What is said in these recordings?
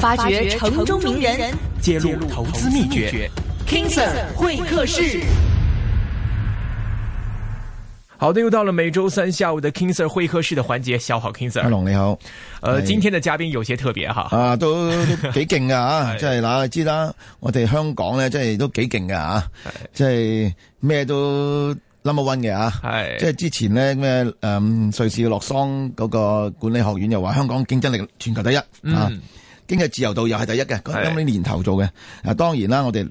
發掘城中名人，揭露投資秘訣。King Sir 會客室，好的，又到了每周三下午的 King Sir 會客室的環節。小好，King Sir，Hello 你好。呃，是今天的嘉賓有些特別哈。啊，都都幾勁噶，即係嗱，知啦，我哋香港呢，即係都幾勁噶啊，即係咩都 number one 嘅啊。係是，即係之前呢，咩，誒，瑞士洛桑嗰個管理學院又話香港競爭力全球第一啊。 嗯經濟自由度又係第一嘅，今年年頭做嘅。啊，當然啦，我哋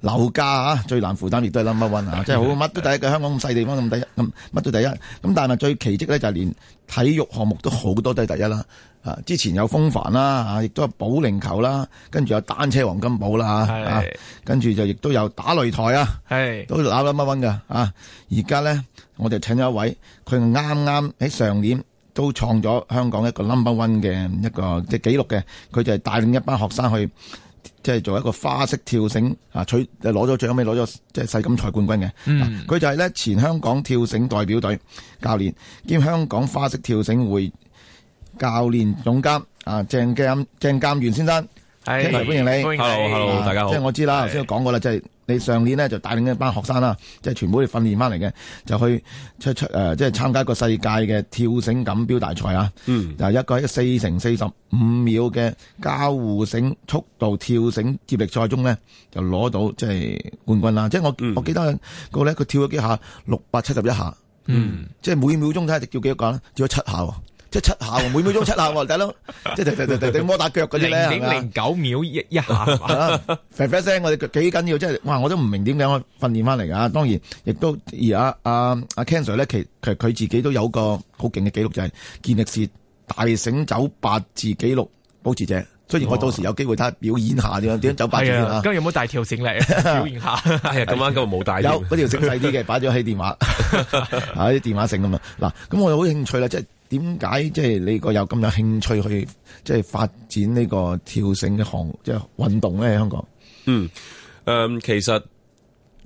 樓價啊最難負擔，亦都係 number one 啊，即係好乜都第一嘅。香港咁細地方咁第一，咁乜都第一。咁但係最奇蹟咧，就係連體育項目都好多都係第一啦。啊，之前有風帆啦，亦都係保齡球啦，跟住有單車黃金寶啦嚇，跟住 就亦都有打擂台啊， 都攞 number one 嘅。啊，而家咧我哋請咗一位，佢啱啱喺上年，都創咗香港一個 number one 嘅一個即係紀錄嘅，佢就係帶領一班學生去即係做一個花式跳繩啊，取就攞咗最後尾攞咗即係世錦賽冠軍嘅。佢就係咧前香港跳繩代表隊教練兼香港花式跳繩會教練總監啊，鄭淦鄭淦元先生。歡迎你，hello hello，、uh, 大家好。即係我知啦，頭先 Hey. 我講過啦，即、就、係、是、你上年呢就帶領一班學生啦，即、就、係、是、全部都訓練翻嚟嘅，就去出出誒、呃，即係參加一個世界嘅跳繩錦標大賽啊。嗯。Mm. 就一個喺四乘四十五秒嘅交互繩速度跳繩接力賽中呢，就攞到即係冠軍啦。即係我、mm. 我記得個咧，佢跳咗幾下，六百七十一下。嗯。Mm. 即係每秒鐘都係跳幾多個咧？跳咗七下。即係七下喎，每秒鐘七下喎，大佬即係踢踢踢踢踢摩打腳嗰啲咧，零零九秒一一下，啡啡聲，我哋腳幾緊要，即係哇！我都唔明點解我訓練翻嚟㗎。當然，亦都而阿阿阿 Ken Sir 咧，其其實佢自己都有個好勁嘅記錄，就係健力士大繩走八字紀錄保持者。所以我到時有機會睇下表演下點樣點樣走八字、啊 啊、今日有冇大條繩嚟？表演下，咁樣咁冇大 有嗰條繩細啲嘅，擺咗喺電話啲、 啊、電話繩咁嘛。嗱， 咁我好興趣啦，即係。點解即係你個有咁有興趣去即係發展呢個跳繩嘅項目即係運動咧？喺香港，嗯誒，其實。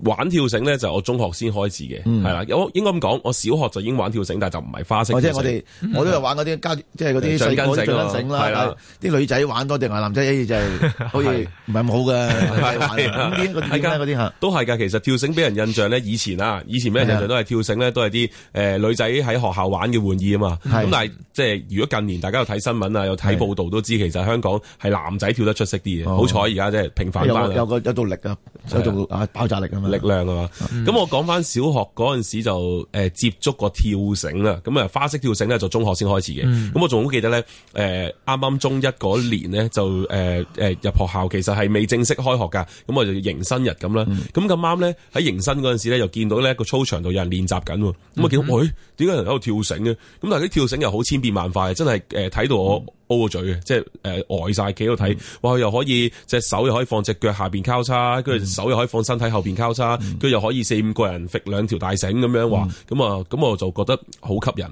玩跳繩咧就我中學先開始嘅，係啦，有應該咁講，我小學就已經玩跳繩，但係就唔係花式。或者我哋我都有玩嗰啲加，即係嗰啲橡筋繩啦，係啦，啲女仔玩多定而男仔一嘢就係，好似唔係好嘅，玩啲嗰啲咩嗰啲吓。都係噶，其實跳繩俾人印象咧，以前啊，以前俾人印象都係跳繩咧，都係啲誒女仔喺學校玩嘅玩意啊嘛。咁但係即係如果近年大家有睇新聞啊，有睇報道都知，其實香港係男仔跳得出色啲嘅，好彩而家即係平反，有個有度力啊，有度啊爆炸力啊。力量啊嘛，咁、嗯、我講翻小學嗰陣時就誒接觸個跳繩啦，咁啊花式跳繩咧就中學先開始嘅，咁、嗯、我仲好記得咧，誒啱啱中一嗰年咧就誒誒、呃呃、入學校其實係未正式開學噶，咁我就迎新日咁啦，咁咁啱咧喺迎新嗰陣時咧又見到咧個操場度有人練習緊，咁啊、嗯、見到喂，點解有人喺度跳繩嘅，咁但係啲跳繩又好千變萬化，真係誒睇到我。嗯煲個嘴即係誒呆晒企度睇，呃呃嗯、哇！又可以隻手又可以放隻腳下邊交叉，跟住、嗯、手又可以放身體後邊交叉，跟住、嗯、又可以四五個人揈兩條大繩咁樣話，咁啊，咁、嗯、我就覺得好吸引，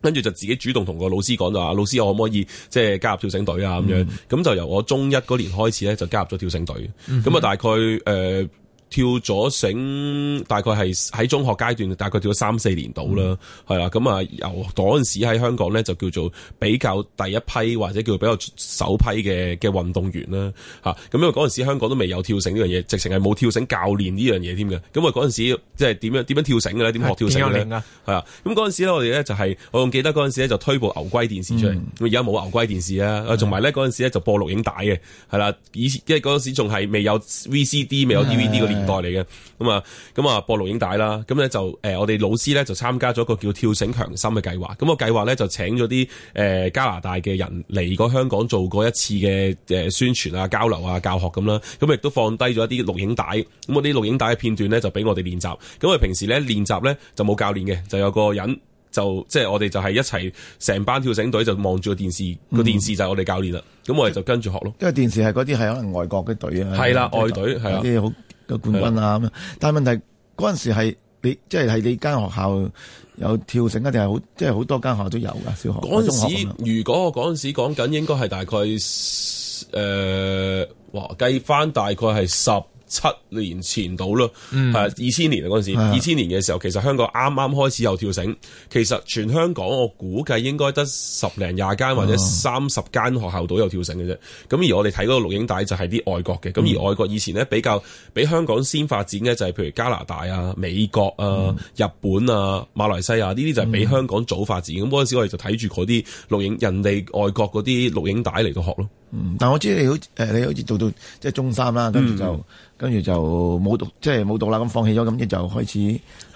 跟住就自己主動同個老師講就話，老師，我可唔可以即係、就是、加入跳繩隊啊？咁樣、嗯，咁就由我中一嗰年開始咧就加入咗跳繩隊，咁啊、嗯嗯、大概誒。呃跳咗繩，大概係喺中學階段，大概跳咗三四年到啦，係啦，咁啊，由嗰陣時喺香港咧就叫做比較第一批或者叫做比較首批嘅嘅運動員啦，嚇，咁因為嗰陣時香港都未有跳繩呢樣嘢，直情係冇跳繩教練呢樣嘢添嘅，咁啊嗰陣時即係點樣點樣跳繩嘅咧？點學跳繩嘅咧？係啊，咁嗰陣時咧我哋咧就係、是、我仲記得嗰陣時咧就推部牛龜電視出嚟，咁而家冇牛龜電視啦，啊，同埋咧嗰陣時咧就播錄影帶嘅，係啦，以前即係嗰陣時仲係未有 VCD 未有 DVD 嗰啲。年、嗯、代嚟嘅咁啊，咁、嗯、啊、嗯、播錄影帶啦，咁、嗯、咧就誒、呃，我哋老師咧就參加咗一個叫跳繩強心嘅計劃，咁個計劃咧就請咗啲誒加拿大嘅人嚟過香港做過一次嘅誒宣傳啊、交流啊、教學咁啦，咁亦都放低咗一啲錄影帶，咁我啲錄影帶嘅片段咧就俾我哋練習，咁我哋平時咧練習咧就冇教練嘅，就有個人就即係我哋就係一齊成班跳繩隊就望住個電視，個電視就係我哋教練啦，咁我哋就跟住學咯。因為電視係嗰啲係可能外國嘅隊啊，係啦的，就是、外隊係啊。個冠軍啊咁樣，但係問題陣時係你即係係你間學校有跳繩一定係好，即係好多間學校都有噶，小學陣時。如果我陣時講緊，應該係大概誒、呃，哇計翻大概係十七年前到咯，係二千年啊嗰陣時，二千年嘅時候，是的 其實香港啱啱開始有跳繩，其實全香港我估計應該得十零廿間或者三十間學校都有跳繩嘅啫。咁、嗯、而我哋睇嗰個錄影帶就係啲外國嘅，咁、嗯、而外國以前咧比較比香港先發展嘅就係譬如加拿大啊、美國啊、日本啊、馬來西亞呢啲就係比香港早發展。咁嗰陣時我哋就睇住嗰啲錄影人哋外國嗰啲錄影帶嚟到學咯。嗯，但係我知你，你好，誒你好似到到即係中三啦，跟住就、嗯、跟住就冇讀、就是、讀，即係冇讀啦，咁放棄咗，咁即就開始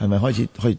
係咪開始去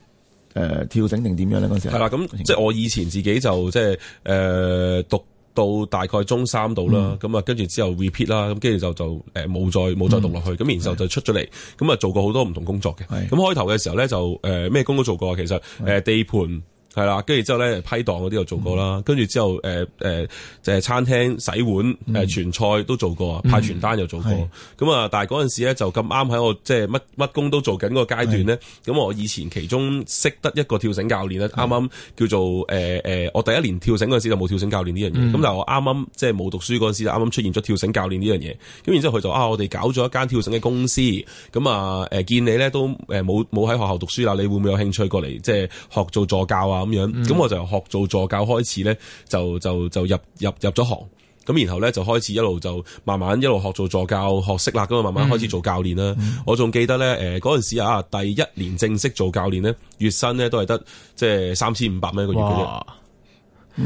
誒跳繩定點樣咧？嗰時係啦，咁即係我以前自己就即係誒讀到大概中三度啦，咁啊、嗯、跟住之後 repeat 啦，咁跟住就就誒冇再冇再讀落去，咁、嗯、然、然後就出咗嚟，咁啊是的 做過好多唔同工作嘅，咁的的開頭嘅時候咧就誒咩工都做過，其實誒地盤。係啦，跟住、嗯、之後咧批檔嗰啲又做過啦，跟住之後誒誒就係餐廳洗碗、誒、呃、傳菜都做過，派傳單又做過。咁啊、嗯，但係嗰陣時咧就咁啱喺我即係乜乜工都做緊個階段咧。咁我是的、嗯、以前其中識得一個跳繩教練咧，啱啱、嗯、叫做誒誒、呃，我第一年跳繩嗰陣時就冇跳繩教練呢樣嘢。咁、嗯、但係我啱啱即係冇讀書嗰陣時就啱啱出現咗跳繩教練呢樣嘢。咁然之後佢就啊，我哋搞咗一間跳繩嘅公司，咁啊誒見你咧都誒冇冇喺學校讀書啦，你會唔會有興趣過嚟即係學做助教、助教啊？啊啊啊啊啊啊啊咁樣，咁、嗯、我就由學做助教開始咧，就就就入入入咗行，咁然後咧就開始一路就慢慢一路學做助教，學識啦，咁啊慢慢開始做教練啦。嗯嗯、我仲記得咧，誒嗰陣時啊，第一年正式做教練咧，月薪咧都係得即係三千五百蚊一個月嘅啫。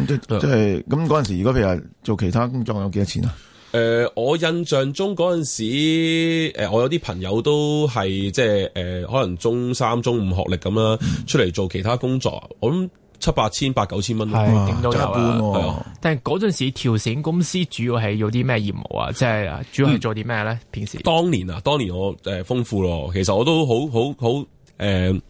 即即係咁嗰陣時，如果譬如做其他工作有，有幾多錢啊？誒、呃，我印象中嗰陣時，誒、呃，我有啲朋友都係即係，誒、呃，可能中三、中五學歷咁啦，嗯、出嚟做其他工作，我諗七八千、八九千蚊咯，頂到是哇一半，啊。的但係嗰陣時，跳繩公司主要係做啲咩業務啊？即係、嗯、主要係做啲咩咧？平時當年啊，當年我誒豐、呃、富咯，其實我都好好好，誒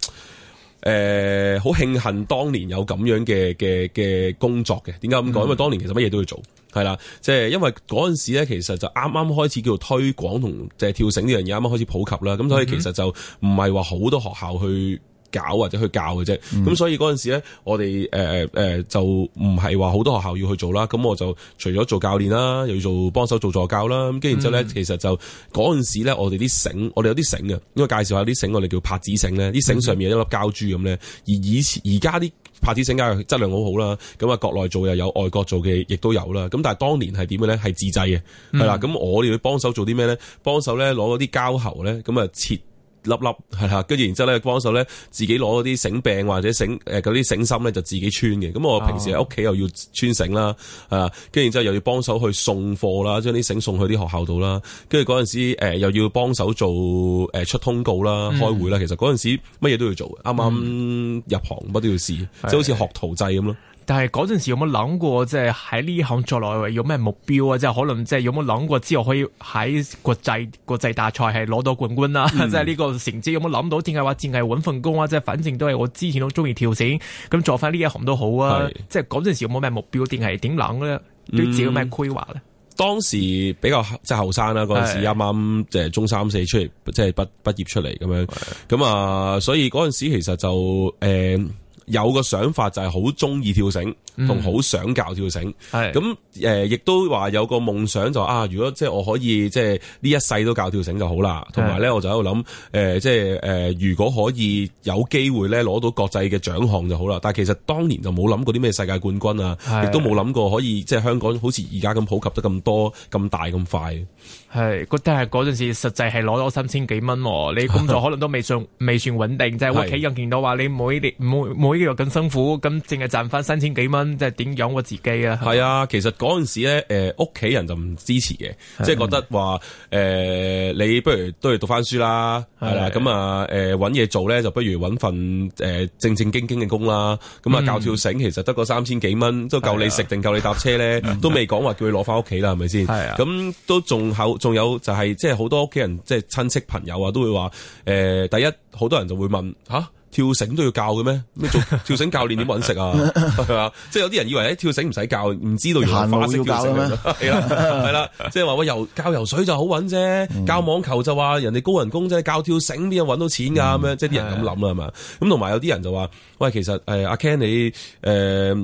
誒，好慶、呃、幸當年有咁樣嘅嘅嘅工作嘅。點解咁講？因為當年其實乜嘢都要做。嗯係啦，即係因為嗰陣時咧，其實就啱啱開始叫做推廣同即係跳繩呢樣嘢啱啱開始普及啦，咁、嗯、哼所以其實就唔係話好多學校去搞或者去教嘅啫。咁、嗯、所以嗰陣時咧，我哋誒誒就唔係話好多學校要去做啦。咁我就除咗做教練啦，又要做幫手做助教啦。咁跟住之後咧，嗯、其實就嗰陣時咧，我哋啲繩，我哋有啲繩啊。因為介紹下啲繩，我哋叫拍子繩咧，啲繩上面有一粒膠珠咁咧。而以前而家啲拍啲性格，質量好好啦。咁啊，國內做又有外國做嘅，亦都有啦。咁但係當年係點嘅咧？係自製嘅，係啦、嗯。咁我哋會幫手做啲咩咧？幫手咧攞嗰啲膠喉咧，咁啊切。粒粒係啊，跟住然之後咧，幫手咧自己攞啲繩柄或者繩誒嗰啲繩芯咧，呃、就自己穿嘅。咁、哦、我平時喺屋企又要穿繩啦，啊，跟住然之後又要幫手去送貨啦，將啲繩送去啲學校度啦。跟住嗰陣時、呃、又要幫手做誒、呃、出通告啦、開會啦。嗯、其實嗰陣時乜嘢都要做，啱啱入行乜都要試，即係、嗯、好似學徒制咁咯。但係嗰陣時有冇諗過，即係喺呢行做落去有咩目標啊？即係可能即係有冇諗過之後可以喺國際國際大賽係攞到冠軍啦，啊？即係呢個成績有冇諗到？點解話淨係搵份工啊？即係反正都係我之前都中意跳繩，咁做翻呢一行都好啊！即係嗰陣時有冇咩目標定係點諗咧？呢嗯，對自己有咩規劃咧？當時比較即係後生啦，嗰陣時啱啱即係中三四出嚟，是即係畢畢業出嚟咁樣咁啊，是 uh, 所以嗰陣時其實就誒。Uh, 有個想法就係好中意跳繩，同好想教跳繩。係咁，誒，亦都話有個夢想就係、啊，如果即係我可以即係呢一世都教跳繩就好啦。同埋咧，我就喺度諗誒，即係誒、呃，如果可以有機會咧攞到國際嘅獎項就好啦。但係其實當年就冇諗過啲咩世界冠軍啊，是的 亦都冇諗過可以即係香港好似而家咁普及得咁多、咁大、咁快。係，覺得係嗰陣時實際係攞咗三千幾蚊喎。你工作可能都未算 未算穩定，即係屋企人見到話你每年每每，每，每，每呢個咁辛苦，咁淨係賺翻三千幾蚊，即係點養我自己啊？係啊，其實嗰陣時咧，誒屋企人就唔支持嘅，即係是的 覺得話誒、呃，你不如都係讀翻書啦，係啦是的、啊，咁啊誒揾嘢做咧，就不如揾份誒、呃、正正經經嘅工啦。咁啊，教跳繩其實得個三千幾蚊，是的 都夠你食定夠是的 是你搭車咧，嗯、都未講話叫佢攞翻屋企啦，係咪先？係啊，咁都仲後仲有就係即係好多屋企人即係親戚朋友啊，都會話誒、呃，第一好多人就會問吓。啊啊跳繩都要教嘅咩？咩做？跳繩教練點搵食啊？係嘛？ 即係有啲人以為誒、哎、跳繩唔使教，唔知道原來花式跳繩係啦係啦。即係話喂遊教游水就好揾啫，嗯、教網球就話人哋高人工啫，教跳繩邊有揾到錢㗎咁樣？即係啲人咁諗啦嘛。咁同埋有啲人就話：喂，其實誒阿、啊、Ken 你誒。呃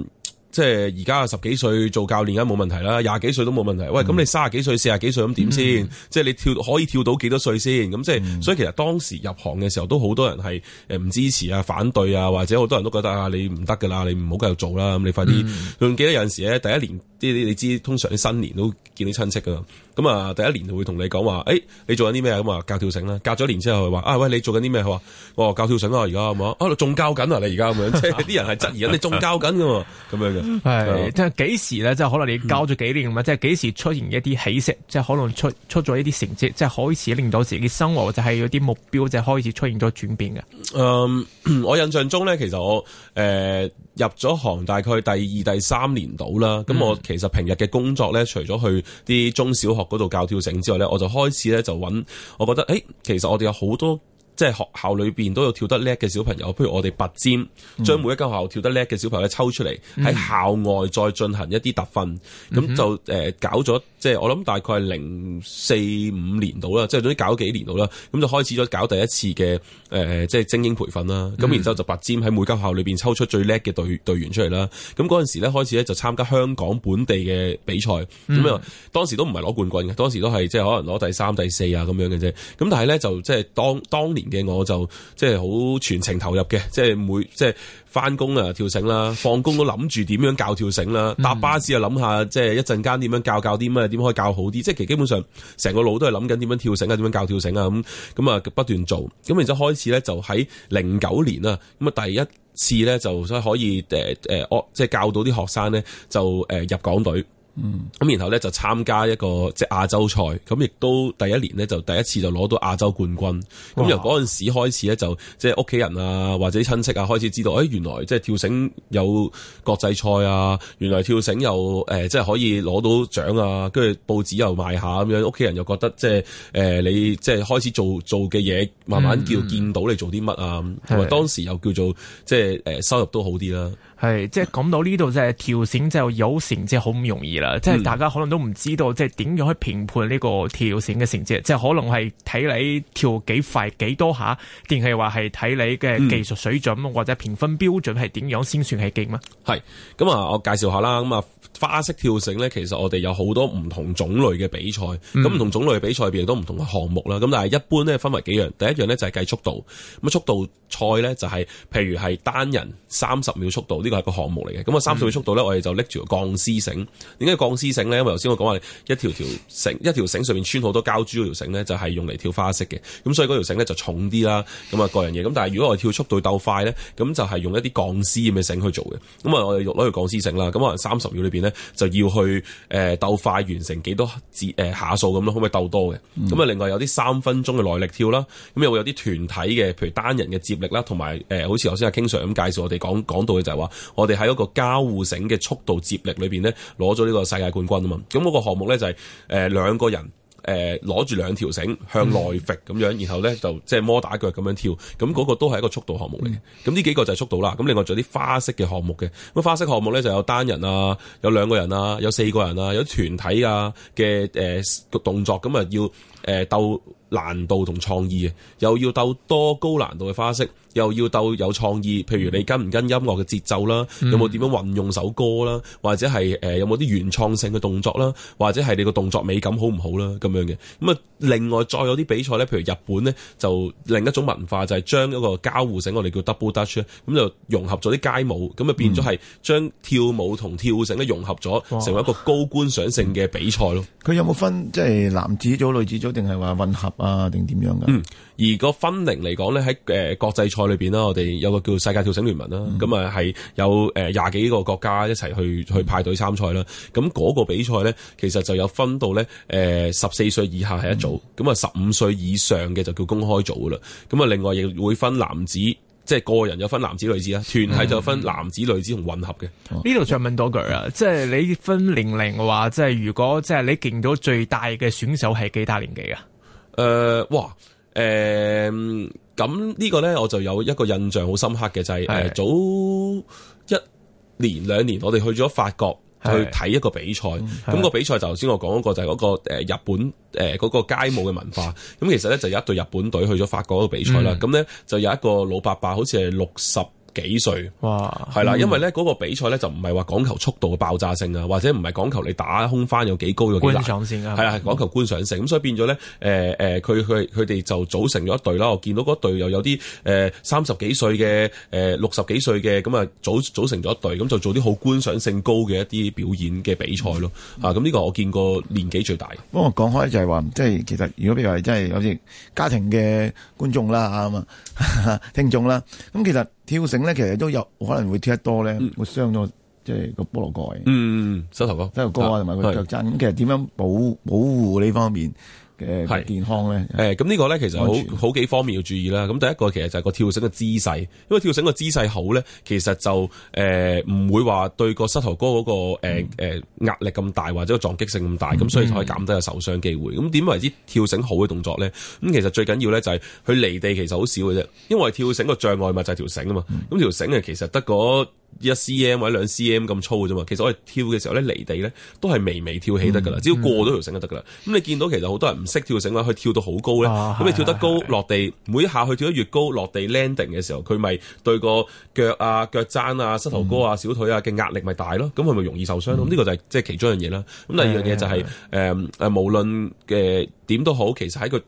即係而家十幾歲做教練梗冇問題啦，廿幾歲都冇問題。喂，咁你卅幾歲、四十幾歲咁點先？Mm. 即係你跳可以跳到幾多歲先？咁即係，mm. 所以其實當時入行嘅時候都好多人係誒唔支持啊、反對啊，或者好多人都覺得啊，你唔得㗎啦，你唔好繼續做啦，咁你快啲。仲記得有陣時咧，第一年啲你知，通常啲新年都見到親戚㗎。咁啊，第一年會同你講話，誒、欸，你做緊啲咩啊？咁啊，教跳繩啦。隔咗年之後，佢話啊，喂你做緊啲咩？佢話、哦、教跳繩啊，而家咁啊，仲教緊啊，你而家咁樣，即係啲人係質疑緊你仲教緊㗎，咁樣、 啊啊係即係幾時咧？即係可能你教咗幾年咁啊？即係幾時出現一啲起色？即係可能出出咗一啲成績？即係開始令到自己嘅生活就係、是、有啲目標，就開始出現咗轉變嘅。嗯，我印象中咧，其實我誒、呃、入咗行大概第二、第三年度啦。咁我其實平日嘅工作咧，除咗去啲中小學嗰度教跳繩之外咧，我就開始咧就搵。我覺得誒、欸，其實我哋有好多。即係學校裏邊都有跳得叻嘅小朋友，譬如我哋拔尖，將每一間學校跳得叻嘅小朋友咧抽出嚟，喺、嗯、校外再進行一啲特訓，咁、嗯、哼就誒、呃、搞咗，即、就、係、是、我諗大概係零四五年度啦，即係總之搞幾年度啦，咁就開始咗搞第一次嘅誒即係精英培訓啦，咁、嗯、然之後就拔尖喺每間學校裏邊抽出最叻嘅隊隊員出嚟啦，咁嗰陣時咧開始咧就參加香港本地嘅比賽，咁啊、嗯嗯、當時都唔係攞冠軍嘅，當時都係即係可能攞第三、第四啊咁樣嘅啫，咁但係咧就即係當當年，嘅我就即係好全程投入嘅，即係每即係翻工啊跳繩啦、啊，放工都諗住點樣教跳繩啦、啊，搭巴士啊諗下即係一陣間點樣教教啲咩，點、啊啊、可以教好啲，即係其實基本上成個腦都係諗緊點樣跳繩啊，點樣教跳繩啊咁，咁啊不斷做，咁然之後開始咧就喺零九年啦，咁啊第一次咧就所以可以誒誒哦即係教到啲學生咧就誒入港隊。嗯，咁然後咧就參加一個即係亞洲賽，咁亦都第一年咧就第一次就攞到亞洲冠軍。咁哇由嗰陣時開始咧就即係屋企人啊或者親戚啊，親戚啊開始知道，誒、哎、原來即係跳繩有國際賽啊，原來跳繩又誒即係可以攞到獎啊，跟住報紙又賣下咁樣，屋企人又覺得即係誒、呃、你即係開始做做嘅嘢，慢慢叫、嗯、見到你做啲乜啊，同埋當時又叫做即係誒收入都好啲啦。係，即係講到呢度，即係跳繩就有成，即係好唔容易啦。即係、嗯、大家可能都唔知道，即係點樣去評判呢個跳繩嘅成績。即、就、係、是、可能係睇你跳幾快幾多下，定係話係睇你嘅技術水準、嗯、或者評分標準係點樣先算係勁咧？係。咁啊，我介紹下啦。咁啊，花式跳繩咧，其實我哋有好多唔同種類嘅比賽。咁唔、嗯、同種類嘅比賽入邊都唔同嘅項目啦。咁、嗯、但係一般咧，分為幾樣。第一樣咧就係計速度。咁啊，速度賽咧就係、是，譬如係單人三十秒速度。一個係個項目嚟嘅，咁啊三十秒速度咧，我哋就拎住鋼絲繩。點解鋼絲繩咧？因為頭先我講話一條條繩，一條繩上面穿好多膠珠嗰條繩咧，就係用嚟跳花式嘅。咁所以嗰條繩咧就重啲啦。咁啊各樣嘢。咁但係如果我哋跳速度鬥快咧，咁就係用一啲鋼絲咁嘅繩去做嘅。咁啊，我哋用攞住鋼絲繩啦。咁可能三十秒裏邊咧就要去誒鬥快完成幾多節誒、呃、下數咁咯，可唔可以鬥多嘅？咁啊，另外有啲三分鐘嘅耐力跳啦，咁又會有啲團體嘅，譬如單人嘅接力啦，同埋誒好似頭先阿 King Sir 咁介紹我哋講講到嘅就係話。我哋喺一個交互繩嘅速度接力裏邊咧，攞咗呢個世界冠軍啊嘛！咁、那、嗰個項目咧就係誒兩個人誒攞住兩條繩向內揈咁樣，然後咧就即、是、係摩打腳咁樣跳，咁、那、嗰個都係一個速度項目嚟嘅。咁呢幾個就係速度啦。咁另外仲有啲花式嘅項目嘅。咁、那個、花式項目咧就有單人啊，有兩個人啊，有四個人啊，有團體啊嘅誒、呃、動作咁啊要。誒，鬥難度同創意啊，又要鬥多高難度嘅花式，又要鬥有創意，譬如你跟唔跟音樂嘅節奏啦，嗯、有冇點樣運用首歌啦，或者係誒、呃、有冇啲原創性嘅動作啦，或者係你個動作美感好唔好啦，咁樣嘅。咁啊，另外再有啲比賽咧，譬如日本咧，就另一種文化就係將一個交互繩，我哋叫 double dutch，咁就融合咗啲街舞，咁啊、嗯、變咗係將跳舞同跳繩咧融合咗，哦、成為一個高觀賞性嘅比賽咯。佢有冇分即係、就是、男子組、女子組？定係話混合啊，定點樣噶？嗯，而個分齡嚟講咧，喺誒、呃、國際賽裏邊啦，我哋有個叫做世界跳繩聯盟啦，咁啊係有誒廿幾個國家一齊去、嗯、去派隊參賽啦。咁嗰個比賽咧，其實就有分到咧誒十四歲以下係一組，咁啊十五歲以上嘅，就叫公開組啦。咁啊，另外亦會分男子，即係個人有分男子女子啦，團體就分男子女子同混合嘅。呢度再問多句啊，即係你分年齡嘅話，即係如果即係你勁到最大嘅選手係幾大年紀啊？誒，哇，誒、嗯，咁呢個咧我就有一個印象好深刻嘅就係、是、誒是早一年兩年我哋去咗法國。去睇一個比賽，咁個比賽就頭先我講嗰、那個就係嗰個日本誒嗰、呃那個街舞嘅文化，咁其實咧就有一隊日本隊去咗法國個比賽啦，咁咧、嗯、就有一個老伯伯好似係六十幾 歲、嗯？哇，係啦，因為咧嗰個比賽咧就唔係話講求速度嘅爆炸性啊，或者唔係講求你打空翻有幾高有幾難，係啊係講求觀賞性，咁所以變咗咧，誒、呃、誒，佢佢佢哋就組成咗一隊啦。我見到嗰隊又有啲誒三十幾歲嘅，誒、呃、六十幾歲嘅，咁啊組組成咗一隊，咁就做啲好觀賞性高嘅一啲表演嘅比賽咯。嗯、啊，咁呢個我見過年紀最大。不過講開就係話、就是，即係其實如果譬如話，即係好似家庭嘅觀眾啦吓嘛，聽眾啦，咁其實。跳繩咧，其實都有可能會跳得多咧，會傷咗即係個菠蘿蓋。嗯嗯，膝、嗯、頭哥、膝頭哥啊，同埋個腳踭。咁的其實點樣保保護呢方面？嘅健康咧，誒咁呢個咧其實全好好幾方面要注意啦。咁第一個其實就係個跳繩嘅姿勢，因為跳繩個姿勢好咧，其實就誒唔、呃、會話對個膝頭哥嗰個誒誒壓力咁大，或者個撞擊性咁大，咁、嗯、所以可以減低個受傷機會。咁點、嗯、為之跳繩好嘅動作咧？咁其實最緊要咧就係佢離地其實好少嘅啫，因為跳繩個障礙物就係條繩啊嘛。咁條繩誒其實得個。一 CM 或者兩 CM 咁粗啫嘛，其實我哋跳嘅時候咧，離地咧都係微微跳起得噶啦，嗯、只要過咗條繩就得噶啦。咁、嗯、你見到其實好多人唔識跳繩話，佢跳到好高咧，咁、哦、你跳得高、嗯、落地，嗯、每一下佢跳得越高落地 landing 嘅時候，佢咪對個腳啊、腳踭啊、膝頭哥啊、小腿啊嘅壓力咪大咯，咁佢咪容易受傷？咁呢、嗯嗯、個就係即係其中一樣嘢啦。咁、嗯嗯、第二樣嘢就係誒誒，嗯、無論嘅點都好，其實喺個。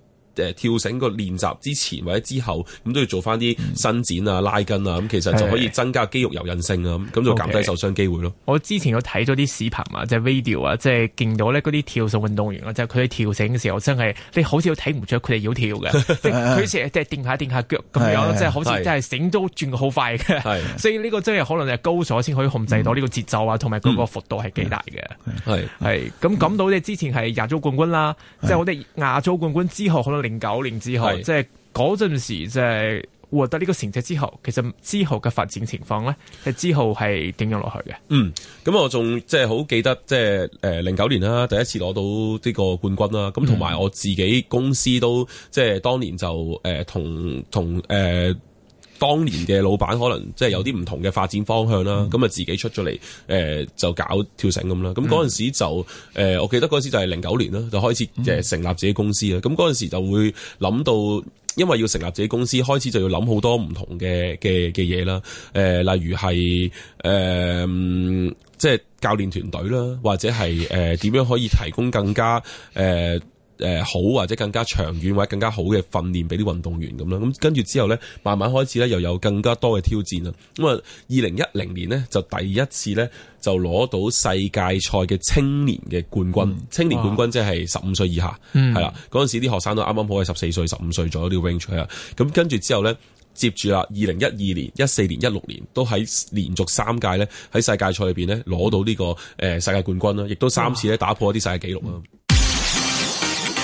跳繩個練習之前或者之後，咁都要做翻啲伸展啊、拉筋啊，咁其實就可以增加肌肉柔韌性啊，咁就減低受傷機會咯。我之前都睇咗啲視頻啊，即係 video 啊，即係見到呢嗰啲跳繩運動員啊，就佢喺跳繩嘅時候真係，你好似睇唔出佢哋要跳嘅，即佢成日即係掂下掂下腳咁樣，即係好似真係繩都轉好快嘅。所以呢個真係可能係高手先可以控制到呢個節奏啊，同埋嗰個幅度係幾大嘅。係咁講到你之前係亞洲冠軍啦，即係我哋亞洲冠軍之後可能。零九年之後，是即係嗰陣時，即係獲得呢個成績之後，其實之後嘅發展情況咧，係之後係點樣落去嘅？嗯，咁我仲即係好記得，即係誒零九年啦，第一次攞到呢個冠軍啦。咁同埋我自己公司都、嗯、即係當年就誒同同誒。呃當年嘅老闆可能即係有啲唔同嘅發展方向啦，咁啊、嗯、自己出咗嚟，誒、呃、就搞跳繩咁啦。咁嗰陣時就誒、呃，我記得嗰陣時就係零九年啦，就開始誒成立自己公司啦。咁嗰陣時就會諗到，因為要成立自己公司，開始就要諗好多唔同嘅嘅嘅嘢啦。誒、呃，例如係誒，即、呃、係、就是、教練團隊啦，或者係誒點樣可以提供更加誒。呃誒、呃，好或者更加長遠或者更加好嘅訓練俾啲運動員咁啦，咁跟住之後呢，慢慢開始呢，又有更加多嘅挑戰啦。咁啊，二零一零年呢，就第一次呢，就攞到世界賽嘅青年嘅冠軍、嗯，青年冠軍即係十五歲以下，係、嗯、啦。嗰陣時啲學生都啱啱好係十四歲、十五歲左右呢個 range 啦。咁跟住之後呢，接住啦，二零一二年、一四年、一六年都喺連續三屆呢，喺世界賽裏邊呢，攞到呢個誒世界冠軍啦，亦都三次呢，打破一啲世界紀錄啊。嗯嗯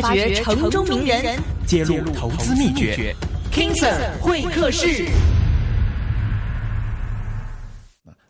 發掘城中名人，揭露投資秘訣。King Sir 會客室，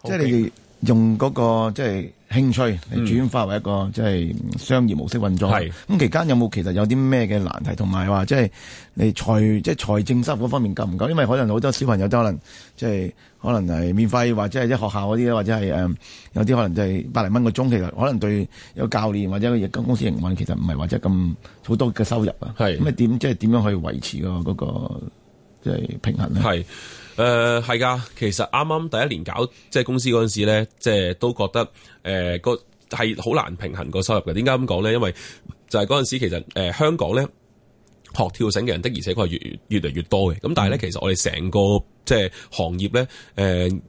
即係你用嗰個即係。興趣你轉化為一個即係、嗯、商業模式運作，咁期係間有冇其實有啲咩嘅難題，同埋話即係你財即係財政收入方面夠唔夠？因為可能好多小朋友都可能即係可能係免費，或者係啲學校嗰啲，或者係誒、嗯、有啲可能就係百零蚊個鐘，其實可能對有教練或者個公司營運其實唔係話即係咁好多嘅收入啊，咁啊點即係點樣去維持、嗰個嗰、嗰個即係平衡呢？係。誒，係噶、呃，其實啱啱第一年搞即係公司嗰陣時咧，即係都覺得誒個係好難平衡個收入嘅。點解咁講咧？因為就係嗰陣時其實誒香港咧學跳繩嘅人的而且確係越越嚟越多嘅。咁但係咧，嗯、其實我哋成個即係行業咧誒。呃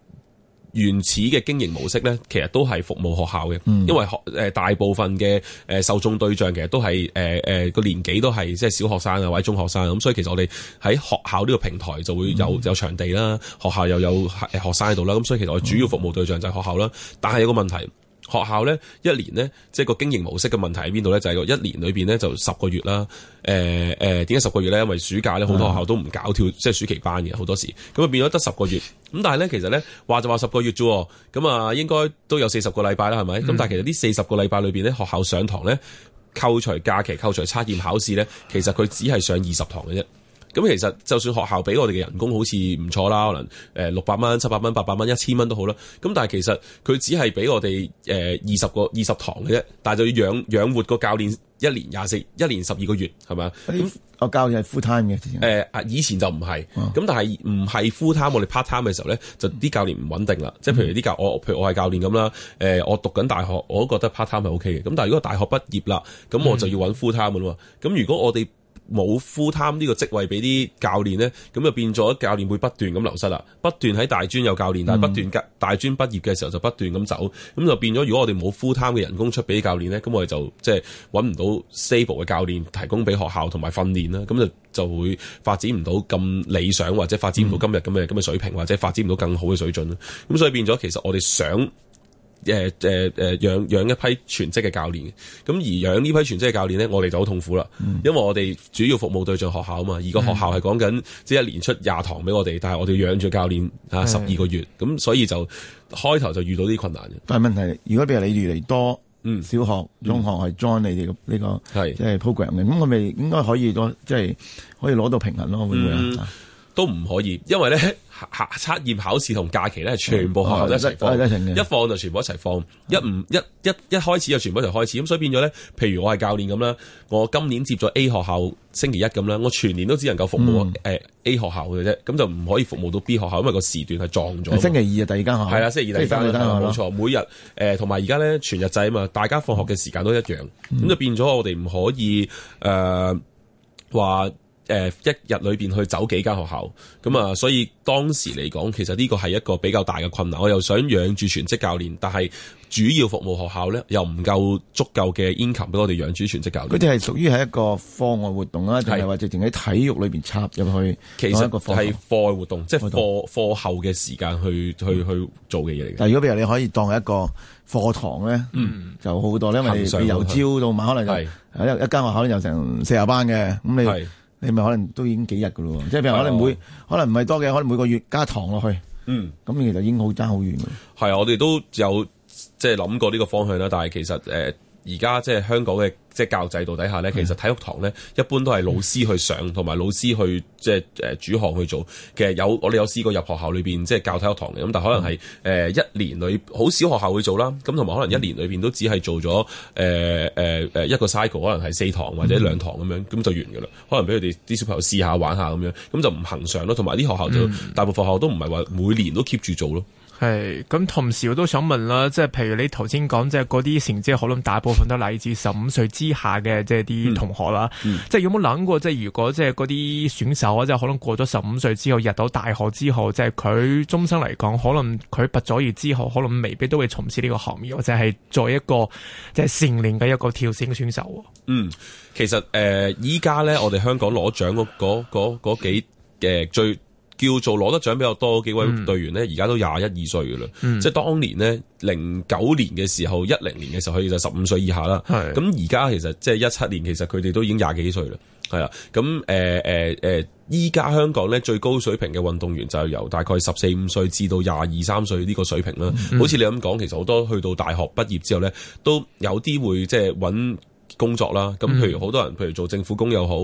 原始嘅經營模式咧，其實都係服務學校嘅，因為學誒大部分嘅誒受眾對象其實都係誒誒個年紀都係即係小學生啊或者中學生咁，所以其實我哋喺學校呢個平台就會有有場地啦，學校又有學生喺度啦，咁所以其實我主要服務對象就係學校啦，但係有個問題。學校咧一年咧，即係個經營模式嘅問題喺邊度咧？就係、是、個一年裏邊咧就十個月啦。誒、呃、誒，點、呃、解十個月咧？因為暑假咧好多學校都唔搞跳，即係暑期班嘅好多時，咁啊變咗得十個月。咁但係咧，其實咧話就話十個月啫。咁啊，應該都有四十個禮拜啦，係咪？咁、嗯、但係其實呢四十個禮拜裏邊咧，學校上堂咧，扣除假期、扣除測驗考試咧，其實佢只係上二十堂嘅啫。咁其實就算學校俾我哋嘅人工好似唔錯啦，可能誒六百蚊、七百蚊、八百蚊、一千蚊都好啦。咁但係其實佢只係俾我哋誒二十個二十堂嘅啫，但係就要養養活個教練一年廿四、一年十二個月，係咪啊？咁我以那教練係 full time 嘅。誒啊、呃！以前就唔係，咁、嗯、但係唔係 full time，我哋 part time 嘅時候咧，就啲教練唔穩定啦。即係、嗯、譬如啲教我，譬如我係教練咁啦。誒，我讀緊大學我都覺得 part time 係 OK 嘅。咁但係如果大學畢業啦，咁我就要揾 full time 嘅啦、嗯。咁如果我哋冇 full time 呢個職位俾啲教練呢，咁就變咗教練會不斷咁流失啦，不斷喺大專有教練，但係不斷，大專畢業嘅時候就不斷咁走，咁就變咗如果我哋冇 full time 嘅人工出俾教練呢，咁我哋就即係搵唔到 stable 嘅教練提供俾學校同埋訓練啦，咁就就會發展唔到咁理想或者發展唔到今日咁嘅咁嘅水平、嗯、或者發展唔到更好嘅水準咯，咁所以變咗其實我哋想。誒誒誒，養養一批全職嘅教練，咁而養呢批全職嘅教練咧，我哋就好痛苦啦，因為我哋主要服務對象學校啊嘛，而個學校係講緊即係一年出廿堂俾我哋，但係我哋養住教練啊十二個月，咁是的 所以就開頭就遇到啲困難嘅。但係問題，如果譬如你越嚟越多，嗯，小學、中學係 join 你哋呢個係即係 program 嘅的，咁我咪應該可以攞即係可以攞到平衡咯，會唔會啊？嗯都唔可以，因為咧考測驗考試同假期咧，全部學校都一齊放、嗯嗯嗯嗯嗯、一放就全部一齊放，嗯、一唔一一一開始就全部一齊開始，咁所以變咗咧。譬如我係教練咁啦，我今年接咗 A 學校星期一咁啦，我全年都只能夠服務誒 A 學校嘅啫，咁、嗯、就唔可以服務到 B 學校，因為個時段係撞咗。星期二啊，第二間學校係啦、啊，星期二第二間學校、星期三、冇錯，每日誒同埋而家咧全日制啊嘛，大家放學嘅時間都一樣，咁就、嗯嗯、變咗我哋唔可以誒話。呃誒一日裏邊去走幾間學校咁啊，所以當時嚟講，其實呢個係一個比較大嘅困難。我又想養住全職教練，但係主要服務學校咧又唔夠足夠嘅 income 俾我哋養住全職教練。佢哋係屬於係一個課外活動啊，定係話直情喺體育裏邊插入去？其實係課外活動，即係課課後嘅時間去去去做嘅嘢嚟。嗱，如果譬如你可以當一個課堂咧，就好多，因為你由朝到晚可能就係一間學校可能有成四十班嘅咁你。你咪可能都已經幾日嘅咯，即係譬如、哎、呀可能每可能唔係多嘅，可能每個月加糖落去，嗯，咁其實已經好爭好遠嘅。係啊，我哋都有即係諗過呢個方向啦，但係其實誒。呃而家即係香港嘅即係教育制度底下咧，其實體育堂咧一般都係老師去上，同埋老師去即係誒主項去做。其實有我哋有試過入學校裏邊即係教體育堂嘅，咁但可能係誒一年裏好少學校會做啦。咁同埋可能一年裏邊都只係做咗誒誒誒一個 cycle，可能係四堂或者兩堂咁樣，咁就完㗎啦。可能俾佢哋啲小朋友試下玩下咁樣，咁就唔恆常咯。同埋啲學校就大部分學校都唔係話每年都 keep 住做咯。係，咁同時我都想問啦，即係譬如你頭先講，即係嗰啲成績，可能大部分都嚟自十五歲之下嘅，即係啲同學啦。即係有冇諗過，即係如果即係嗰啲選手啊，即係可能過咗十五歲之後入到大學之後，即係佢終生嚟講，可能佢畢咗業之後，可能未必都會從事呢個行業，或者係做一個即係成年嘅一個跳繩嘅選手。嗯，其實誒，依家咧，我哋香港攞獎嗰嗰幾嘅、呃、最。叫做攞得獎比較多，幾位隊員呢而家都廿一二歲嘅啦。嗯、即係當年呢，零九年嘅時候，一零年嘅時候，佢就十五歲以下啦。係。咁而家其實即係一七年，其實佢哋都已經廿幾歲啦。係啦，咁誒誒誒，依、呃、家、呃呃呃、香港呢最高水平嘅運動員就由大概十四五歲至到廿二三歲呢個水平啦。嗯、好似你咁講，其實好多去到大學畢業之後呢，都有啲會即係揾工作啦，咁譬如好多人，譬如做政府工又好，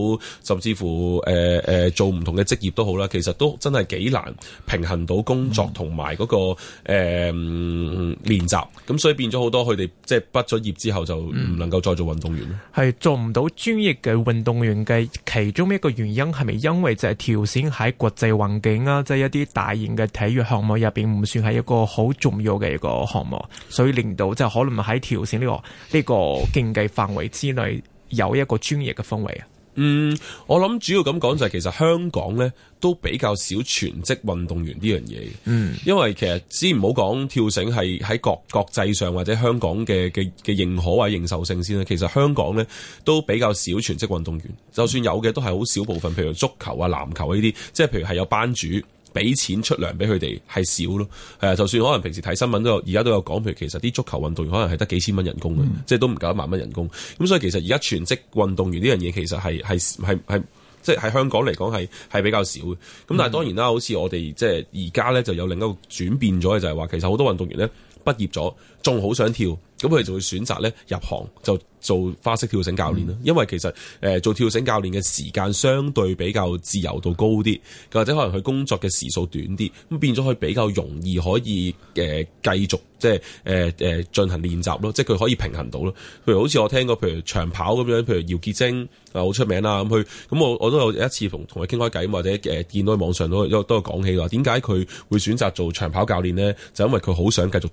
甚至乎誒誒、呃、做唔同嘅職業都好啦，其實都真係幾難平衡到工作同埋嗰個誒練習，咁、嗯呃嗯、所以變咗好多佢哋即係畢咗業之後就唔能夠再做運動員咯。係做唔到專業嘅運動員嘅其中一個原因係咪因為就係跳繩喺國際環境啊，即、就、係、是、一啲大型嘅體育項目入邊唔算係一個好重要嘅一個項目，所以令到就可能喺跳繩呢個呢、這個競技範圍。之內有一個專業嘅氛圍啊。嗯，我諗主要咁講就係，其實香港咧都比較少全職運動員呢樣嘢。嗯，因為其實先唔好講跳繩係喺國國際上或者香港嘅嘅嘅認可或者認受性先啦。其實香港咧都比較少全職運動員，嗯、就算有嘅都係好少部分，譬如足球啊、籃球呢啲，即係譬如係有班主。俾錢出糧俾佢哋係少咯，係啊，就算可能平時睇新聞都有，而家都有講，譬如其實啲足球運動員可能係得幾千蚊人工嘅，即係都唔夠一萬蚊人工。咁、嗯、所以其實而家全職運動員呢樣嘢其實係係係係即係喺香港嚟講係係比較少嘅。咁但係當然啦，好似我哋即係而家咧就有另一個轉變咗嘅就係話，其實好多運動員咧畢業咗。仲好想跳，咁佢哋就會選擇咧入行就做花式跳繩教練啦。因為其實誒、呃、做跳繩教練嘅時間相對比較自由度高啲，或者可能佢工作嘅時數短啲，咁變咗佢比較容易可以誒、呃、繼續即係誒誒進行練習咯，即係佢可以平衡到咯。譬如好似我聽過，譬如長跑咁樣，譬如姚潔晶啊好出名啦咁佢，咁我我都有一次同同佢傾開偈，或者誒、呃、見到喺網上都有都都講起話點解佢會選擇做長跑教練咧？就是、因為佢好想繼續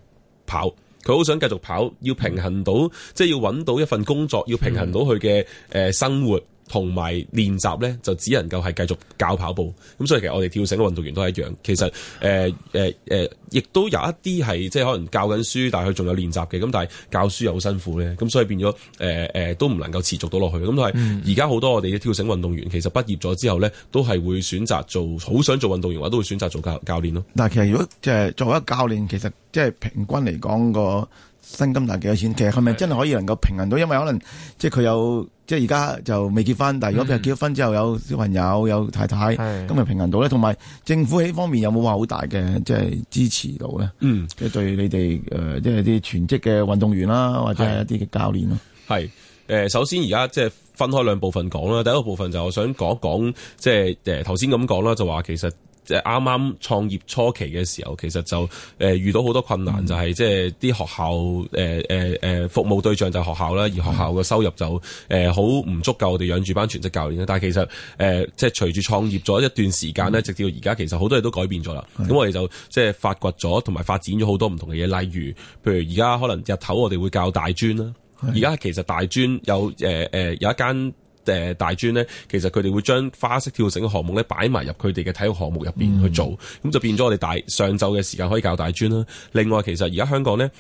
跑。佢好想繼續跑，要平衡到，即係要揾到一份工作，要平衡到佢嘅誒生活。同埋練習咧，就只能夠係繼續教跑步。咁所以其實我哋跳繩嘅運動員都係一樣。其實誒誒誒，亦都有一啲係即係可能教緊書，但係佢仲有練習嘅。咁但係教書又好辛苦咧。咁所以變咗誒誒，都唔能夠持續到落去。咁但係而家好多我哋嘅跳繩運動員，其實畢業咗之後咧，都係會選擇做好想做運動員話，或都會選擇做教教練咯。但係，其實如果即係作為一個教練，其實即係平均嚟講個。薪金大幾多錢？其實係咪真係可以能夠平衡到？因為可能即係佢有即係而家就未結婚，但係如果佢結咗婚之後有小朋友，有太太，咁咪平衡到咧？同埋政府喺呢方面有冇話好大嘅即係支持到咧？嗯，即係對你哋，誒、呃，即係啲全職嘅運動員啦，或者係一啲嘅教練咯。係誒、呃，首先而家即係分開兩部分講啦。第一個部分就我想講一講，即係誒頭先咁講啦，就話、是呃、其實。即係啱啱創業初期嘅時候，其實就誒、呃、遇到好多困難，嗯、就係即係啲學校誒誒誒服務對象就係學校啦，而學校嘅收入就誒好唔足夠我哋養住班全職教練啦。但係其實誒、呃、即係隨住創業咗一段時間咧，嗯、直至到而家，其實好多嘢都改變咗啦。咁、嗯、我哋就即係發掘咗同埋發展咗好多唔同嘅嘢，例如譬如而家可能日頭我哋會教大專啦，而家其實大專有誒誒、呃呃呃呃、有一間。誒大專呢，其實佢哋會將花式跳繩嘅項目呢擺埋入佢哋嘅體育項目入邊去做，咁、嗯、就變咗我哋大上晝嘅時間可以教大專啦。另外，其實而家香港呢。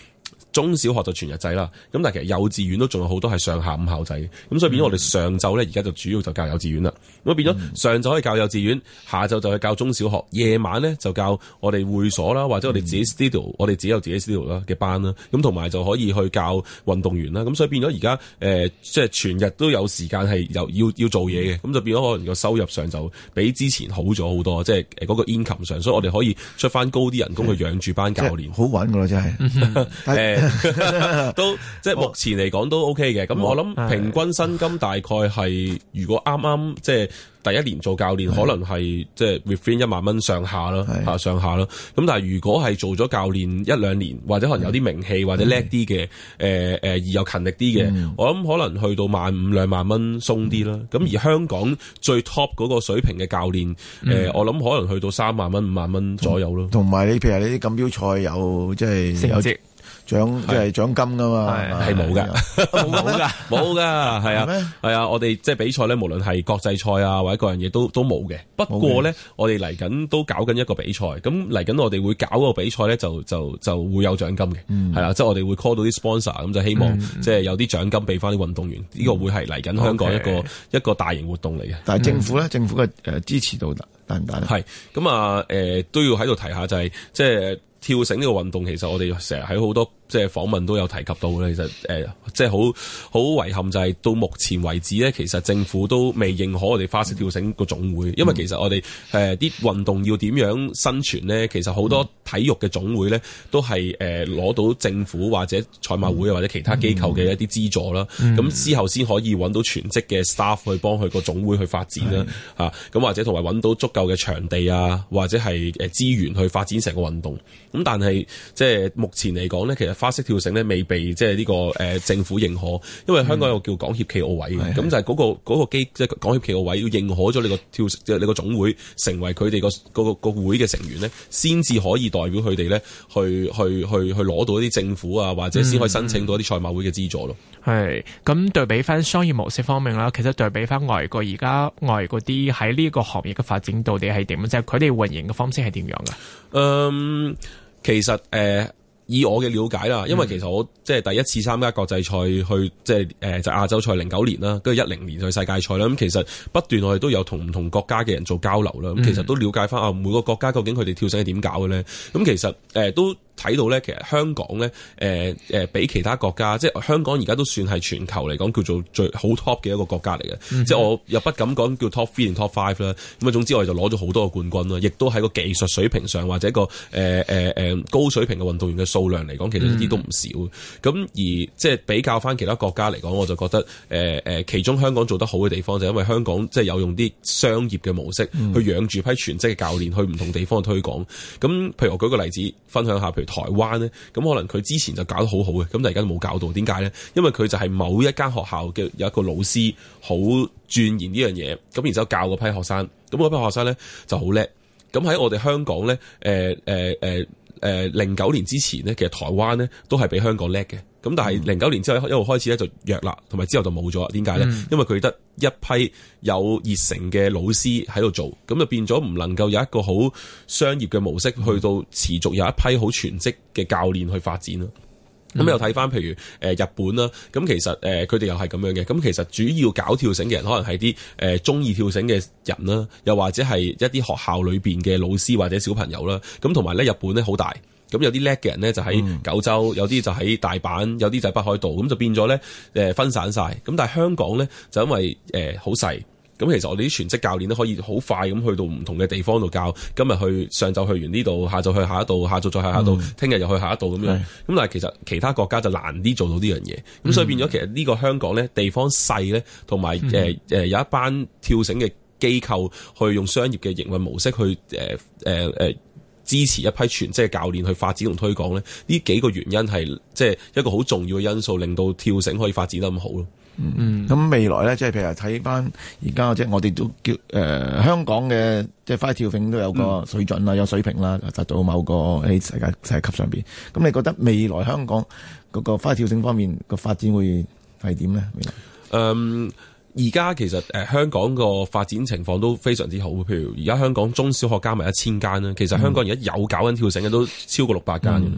中小學就全日制啦，咁但係其實幼稚園都仲有好多係上下午校制嘅，咁、嗯、所以變咗我哋上晝咧而家就主要就教幼稚園啦，咁、嗯、變咗上晝可以教幼稚園，下晝就去教中小學，夜晚咧就教我哋會所啦，或者我哋自己 studio，、嗯、我哋自己有自己 studio 啦嘅班啦，咁同埋就可以去教運動員啦，咁所以變咗而家誒即係全日都有時間係由要要做嘢嘅，咁就變咗可能個收入上就比之前好咗好多，即係嗰個 income 上，所以我哋可以出翻高啲人工去養住班教練，就是、好搵噶真係。 誒，都即係目前嚟講都 OK 嘅。咁我諗平均薪金大概係如果啱啱即係第一年做教練，是的 可能係即係 refrain 一萬蚊上下啦，吓是的 上下啦。咁但係如果係做咗教練一兩年，或者可能有啲名氣或者叻啲嘅，誒誒是的 而又勤力啲嘅，我諗可能去到萬五兩萬蚊鬆啲啦。咁、嗯、而香港最 top 嗰個水平嘅教練，誒我諗可能去到三萬蚊五萬蚊左右咯。同埋、嗯、你譬如你啲錦標賽有即係、就是、有折。獎即係獎金噶嘛，係冇嘅，冇噶，冇噶，係啊，係啊，我哋即係比賽咧，無論係國際賽啊，或者各樣嘢都都冇嘅。不過咧，我哋嚟緊都搞緊一個比賽，咁嚟緊我哋會搞個比賽咧，就就就會有獎金嘅，係啦，即係我哋會 call 到啲 sponsor，咁就希望即係有啲獎金俾翻啲運動員。呢個會係嚟緊香港一個一個大型活動嚟嘅。但係政府咧，政府嘅誒支持度大唔大咧？係咁啊，誒都要喺度提下，就係即係。跳繩呢個運動，其實我哋成日喺好多。即係訪問都有提及到咧，其實誒即係好好遺憾、就是，就係到目前為止咧，其實政府都未認可我哋花式跳繩個總會，嗯、因為其實我哋誒啲運動要點樣生存咧，其實好多體育嘅總會咧都係誒攞到政府或者賽馬會或者其他機構嘅一啲資助啦，咁、嗯嗯、之後先可以揾到全職嘅 staff 去幫佢個總會去發展啦，嚇咁的、啊、或者同埋揾到足夠嘅場地啊，或者係誒資源去發展成個運動，咁但係即係目前嚟講咧，其實。花式跳繩咧未被即係呢個誒政府認可，因為香港有叫港協暨奧委咁、嗯、就係嗰、嗰個嗰機，即、那、係、個就係、港協暨奧委要認可咗呢個跳即係呢個總會成為佢哋、嗰個嗰個、嗰個會嘅成員咧，先至可以代表佢哋咧去去去去攞到一啲政府啊，或者先可以申請到一啲賽馬會嘅資助咯。係咁、嗯、對比翻商業模式方面啦，其實對比翻外國而家外國啲喺呢個行業嘅發展到底係點？就係佢哋運營嘅方式係點樣嘅？嗯，其實誒。呃以我嘅了解啦，因為其實我即係第一次參加國際賽，去即係誒就亞洲賽零九年啦，跟住一零年去世界賽啦。咁其實不斷我哋都有同唔同國家嘅人做交流啦。咁其實都了解翻啊每個國家究竟佢哋跳繩係點搞嘅咧。咁其實誒都。睇到咧，其實香港咧，誒、呃、誒、呃、比其他國家，即係香港而家都算係全球嚟講叫做最好 top 嘅一個國家嚟嘅，mm hmm. 即係我又不敢講叫 top three and top five 啦。咁啊，總之我哋就攞咗好多嘅冠軍啦，亦都喺個技術水平上或者個誒誒誒高水平嘅運動員嘅數量嚟講，其實呢啲都唔少。咁、mm hmm. 而即係比較翻其他國家嚟講，我就覺得誒誒、呃、其中香港做得好嘅地方就係、因為香港即係有用啲商業嘅模式去養住批全職嘅教練去唔同地方嘅推廣，咁、mm hmm. 譬如我舉個例子分享下，譬如。台灣咧，咁可能佢之前就搞得好好嘅，咁但而家冇搞到，點解咧？因為佢就係某一間學校嘅有一個老師好鑽研呢樣嘢，咁然之後教嗰批學生，咁嗰批學生咧就好叻。咁喺我哋香港咧，誒誒誒誒零九年之前咧，其實台灣咧都係比香港叻嘅。咁但係零九年之後，一路開始咧就弱啦，同埋之後就冇咗。點解咧？嗯、因為佢得一批有熱誠嘅老師喺度做，咁就變咗唔能夠有一個好商業嘅模式去到持續有一批好全職嘅教練去發展啦。咁、嗯、又睇翻譬如誒日本啦，咁其實誒佢哋又係咁樣嘅。咁其實主要搞跳繩嘅人，可能係啲誒中意跳繩嘅人啦，又或者係一啲學校裏邊嘅老師或者小朋友啦。咁同埋咧，日本咧好大。咁有啲叻嘅人咧，就喺九州；有啲就喺大阪；有啲就喺北海道。咁就變咗咧，誒分散晒。咁但係香港咧，就因為誒好細。咁其實我哋啲全職教練都可以好快咁去到唔同嘅地方度教。今日去上晝去完呢度，下晝去下一度，下晝再去下一度，聽日又去下一度咁樣。咁但係其實其他國家就難啲做到呢樣嘢。咁所以變咗，其實呢個香港咧地方細咧，同埋誒誒有一班跳繩嘅機構去用商業嘅營運模式去誒誒誒。呃呃呃呃支持一批全職教練去發展同推廣咧，呢幾個原因係即係一個好重要嘅因素，令到跳繩可以發展得咁好咯，嗯。嗯嗯，咁未來咧，即係譬如睇翻，而家即係我哋都叫誒、呃、香港嘅即係花跳繩都有個水準啦，嗯，有水平啦，達到某個喺世界世界級上邊。咁、嗯、你覺得未來香港嗰個花跳繩方面個發展會係點咧？未來，嗯。而家其實誒香港個發展情況都非常之好，譬如而家香港中小學加埋一千間啦。其實香港而家有搞緊跳繩嘅都超過六百間嘅，係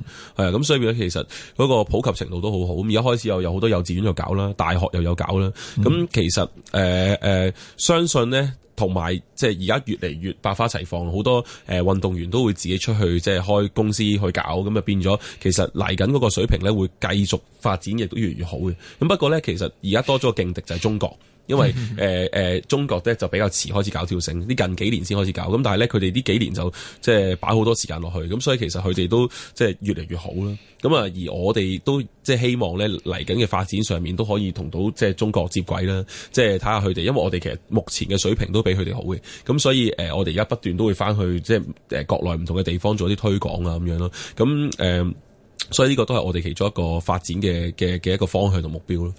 啊、嗯。咁所以其實嗰個普及程度都好好。咁而家開始又有好多幼稚園就搞啦，大學又有搞啦。咁、嗯、其實誒誒、呃呃，相信呢，同埋即係而家越嚟越百花齊放，好多誒運動員都會自己出去即係開公司去搞，咁就變咗其實嚟緊嗰個水平咧會繼續發展，亦都越嚟越好嘅。咁不過呢，其實而家多咗個勁敵就係中國。因為誒誒、呃呃、中國咧就比較遲開始搞跳繩，啲近幾年先開始搞。咁但係咧，佢哋呢幾年就即係擺好多時間落去。咁所以其實佢哋都即係越嚟越好啦。咁啊，而我哋都即係希望咧嚟緊嘅發展上面都可以同到即係中國接軌啦。即係睇下佢哋，因為我哋其實目前嘅水平都比佢哋好嘅。咁所以誒、呃，我哋而家不斷都會返去即係誒國內唔同嘅地方做啲推廣啊咁樣咯。咁誒、呃，所以呢個都係我哋其中一個發展嘅嘅嘅一個方向同目標咯。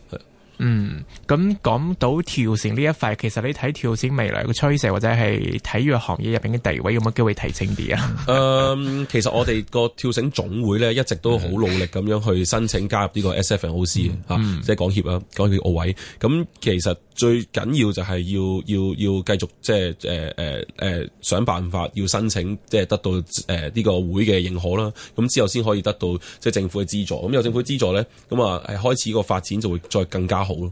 嗯，咁講到跳繩呢一塊，其實你睇跳繩未來嘅趨勢，或者係體育行業入邊嘅地位，有冇機會提升啲啊？誒、嗯，其實我哋個跳繩總會咧，一直都好努力咁樣去申請加入呢個 SF&OC 吓，即係港協啦，港協奧委。咁其實。最緊要就係要要要繼續，即係誒誒誒想辦法要申請，即係得到誒呢個會嘅認可啦。咁之後先可以得到即係政府嘅資助。咁有政府資助咧，咁啊係開始個發展就會再更加好咯。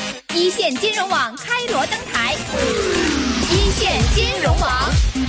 一線金融網開鑼登台， 一線金融網。